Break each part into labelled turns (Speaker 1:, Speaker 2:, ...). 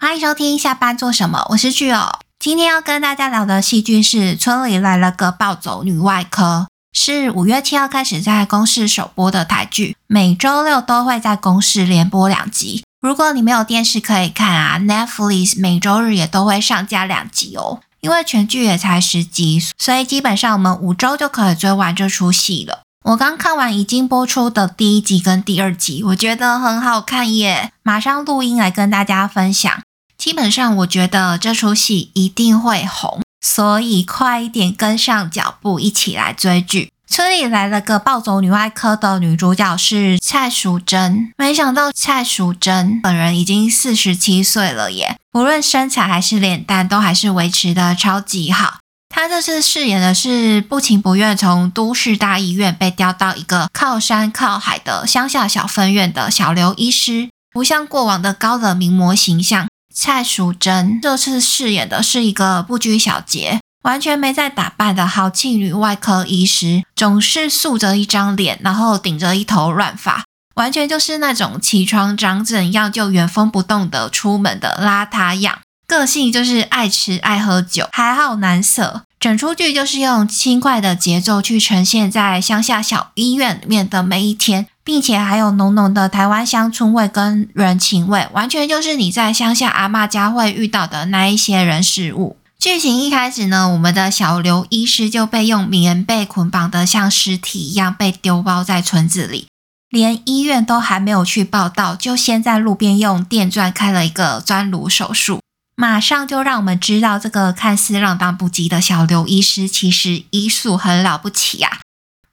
Speaker 1: 歡迎收聽下班做什麼？我是巨哦，今天要跟大家聊的戲劇是《村裡來了個暴走女外科》，是五月七號開始在公視首播的台劇，每周六都會在公視連播兩集。如果你沒有電視可以看啊，Netflix 每周日也都會上架兩集哦。因為全劇也才十集，所以基本上我們五周就可以追完這出戲了。我剛看完已經播出的第一集跟第二集，我覺得很好看耶，馬上錄音來跟大家分享。基本上，我覺得這出戲一定會紅，所以快一點跟上腳步，一起來追劇。村裡來了個暴走女外科的女主角是蔡淑臻。沒想到蔡淑臻本人已經四十七歲了耶，不論身材還是臉蛋，都還是維持得超級好。她這次飾演的是不情不願從都市大醫院被調到一個靠山靠海的鄉下小分院的小劉醫師，不像過往的高冷名模形象。蔡淑臻這次飾演的是一個不拘小節、完全沒在打扮的豪氣女外科醫師，總是素着一張臉，然後頂着一頭亂髮，完全就是那種起床長怎樣就原封不動的出門的邋遢樣。個性就是愛吃、愛喝酒，還好男色。整出劇就是用輕快的節奏去呈現，在鄉下小醫院裡面的每一天。並且還有濃濃的台灣鄉村味跟人情味，完全就是你在鄉下阿嬤家會遇到的那一些人事物。劇情一開始呢，我們的小劉醫師就被用棉被捆綁的像屍體一樣被丟包在村子裡，連醫院都還沒有去報到，就先在路邊用電鑽開了一個鑽顱手術，馬上就讓我們知道這個看似浪蕩不羈的小劉醫師其實醫術很了不起呀、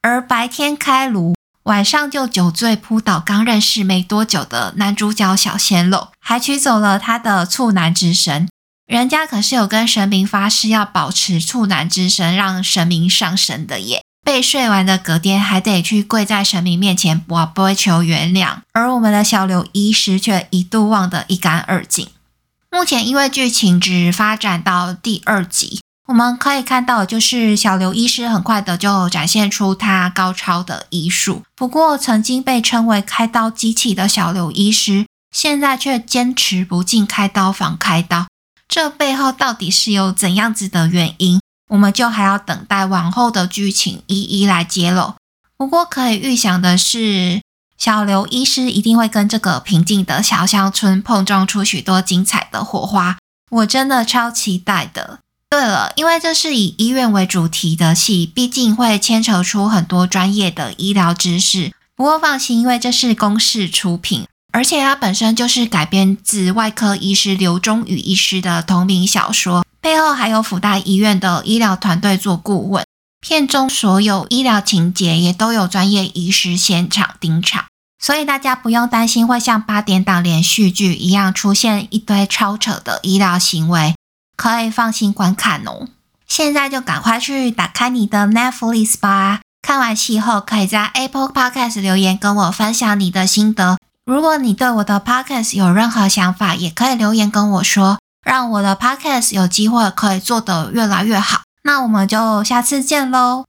Speaker 1: 啊。而白天開顱。晚上就酒醉撲倒剛認識沒多久的男主角小鮮肉，還取走了他的處男之身。人家可是有跟神明發誓要保持處男之身，讓神明上神的耶。被睡完的隔天還得去跪在神明面前，我不會求原諒。而我們的小劉醫師卻一度忘得一乾二淨。目前因為劇情只發展到第二集。我們可以看到，就是小劉醫師很快的就展現出他高超的醫術。不過，曾經被稱為開刀機器的小劉醫師，現在卻堅持不進開刀房開刀，這背後到底是有怎樣子的原因？我們就還要等待往後的劇情一一來揭露。不過，可以預想的是，小劉醫師一定會跟這個平靜的小鄉村碰撞出許多精彩的火花。我真的超期待的。對了，因為這是以醫院為主題的戲，畢竟會牽扯出很多專業的醫療知識。不過放心，因為這是公視出品，而且它本身就是改編自外科醫師劉忠宇醫師的同名小說，背後還有輔大醫院的醫療團隊做顧問，片中所有醫療情節也都有專業醫師現場盯場，所以大家不用擔心會像八點檔連續劇一樣出現一堆超扯的醫療行為。可以放心觀看哦！現在就趕快去打開你的 Netflix 吧。看完戲後，可以在 Apple Podcast 留言跟我分享你的心得。如果你對我的 Podcast 有任何想法，也可以留言跟我說，讓我的 Podcast 有機會可以做得越來越好。那我們就下次見嘍！